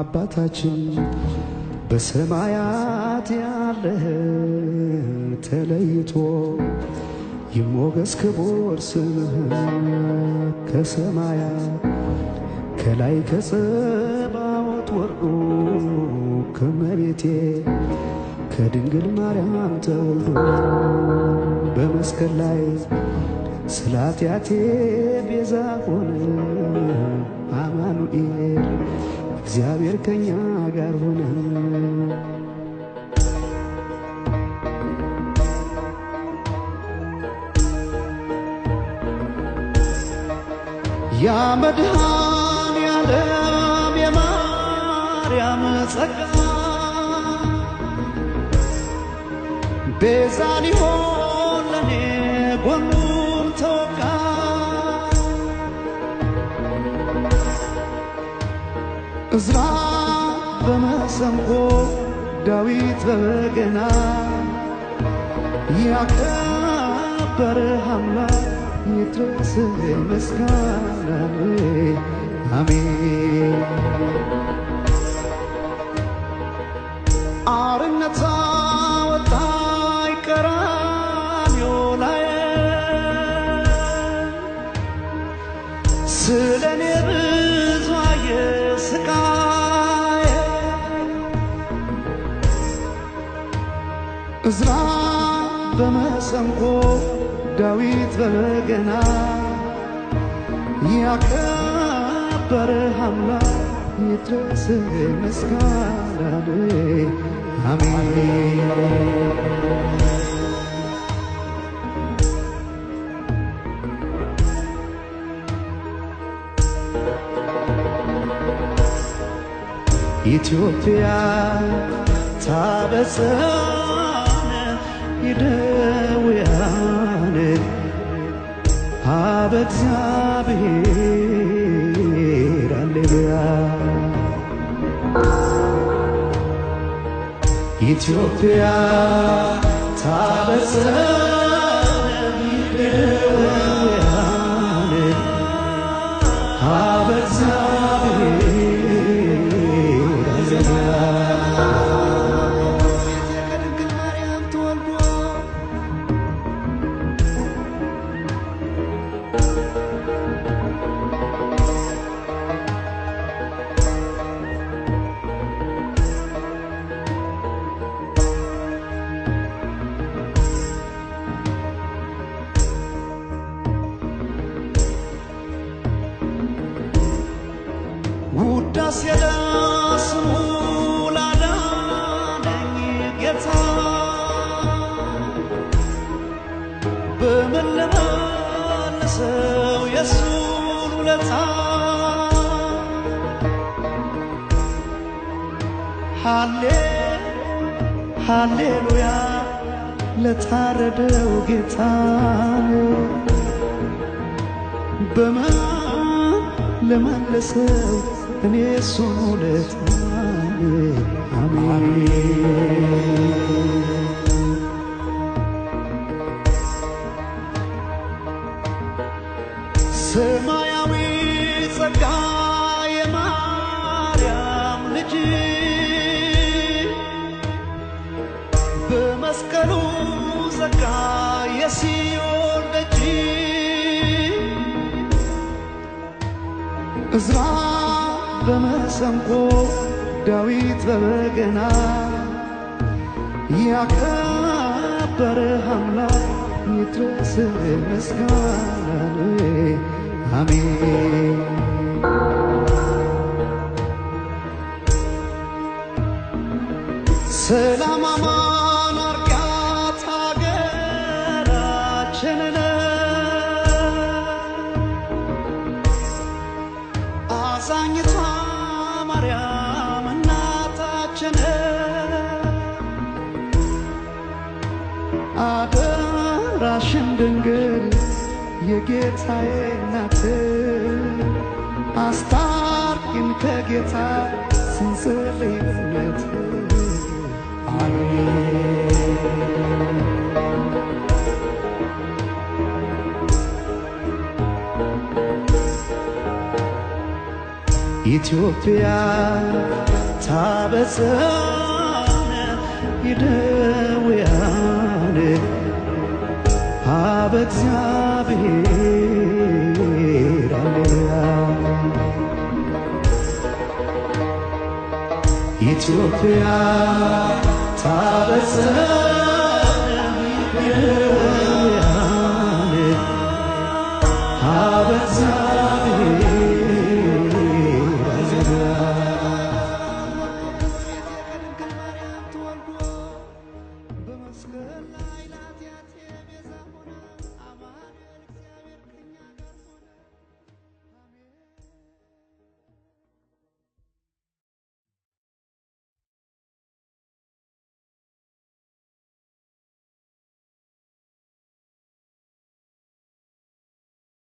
አባታችን በሰማያት ያለህ ተለይቶ ይሞገስ ክቡር ስምህ ከሰማያት ከላይ ከጸባዖት ወርዶ ከመቤቴ ከድንግል ማርያም ተወልዶ በመስቀል ላይ ስላትያቴ ቤዛ ሆነ እግዚአብሔር ከኛ ጋር ሆነ። ያ መድኃኔ ዓለም የማርያም ጸጋ ቤዛ ሊሆን ለኔ እዝራ በመሰንቆ ዳዊት በበገና ያከበረ አምላክ ይድረስ ምስጋና አሜን። አርነት ቀራንዮ ላይ ስለ እዝራ በመሰንቆ ዳዊት በበገና ያከበረህ አምላክ ይድረስ ምስጋናህ አሜን። ኢትዮጵያ ታበጽሕ ይደውያን አብ ኢትዮጵያ ታበሰ ራሴን ጌታ በምን ልመልሰው የእሱን ሃሌ ሃሌሉያ ለታረደው ጌታ በምን ልመልሰው እኔ እሱን ውለታ አሜን ሰማያዊ ጸጋ የማርያም ልጅ በመስቀሉ ጸጋ የሲዮን ደጅ እዝራ በመሰንቆ ዳዊት በበገና ያከበረ አምላክ ይድረስ ምስጋናህ አሜን። ሰላም ማርያም እናታችን አደራሽን ድንግል የጌታዬ እናት አስታርቂን ከጌታ ስንስሌትነት ኢትዮጵያ ታበሳነ ይደውያነ አበ እግዚአብሔር አሌያ ኢትዮጵያ ታበሳነ